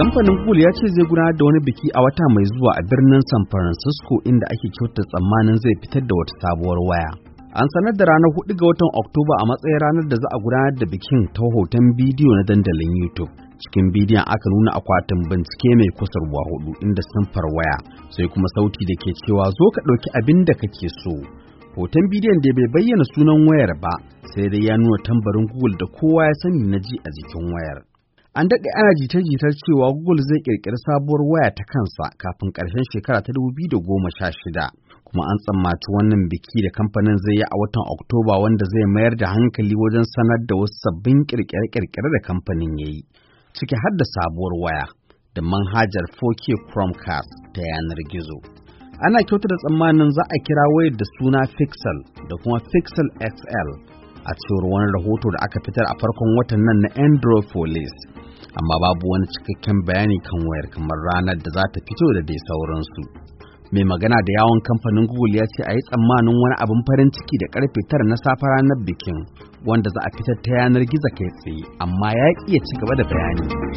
Kamfanin Google ya ce zai gudanar da wani biki a wata mai zuwa a birnin San Francisco inda ake kyauta tsammanin zai fitar da wata sabuwar waya. An sanar da ranar 4 ga watan Oktoba a matsayin ranar da za a gudanar da bikin ta hoton bidiyo na dandalin YouTube. Cikin bidiyon aka nuna akwatin bincike mai kusurwa hudu inda samfar waya sai kuma sauti da ke cewa zo ka ɗauki abin da kake so. hoton bidiyon da bai bayyana sunan wayar ba sai dai ya nuna tambarin google da kowa ya sani na ji a jikin wayar An daɗe ana jita-jitar cewa Google zai ƙirƙiri sabuwar waya ta kansa kafin ƙarshen shekara ta da goma sha shida, kuma an tsammaci wannan biki da kamfanin zai yi a watan Oktoba wanda zai mayar da hankali wajen sanar da wasu sabbin ƙirƙire-ƙirƙire da kamfanin ya yi, ciki har da sabuwar waya da manhajar 4K Chromecast ta yanar gizo. Ana kyautata tsammanin za a kira wayar da suna Pixel da kuma Pixel XL a cewar wani rahoto da aka fitar a farkon watan nan na Android Police. amma babu wani cikakken bayani kan wayar kamar ranar da za ta fito da dai sauransu mai magana da yawon kamfanin google ya ce a yi tsammanin wani abin farin ciki da karfe tara na safe ranar bikin wanda za a fitar ta yanar gizo kai tsaye amma ya iya ci gaba da bayani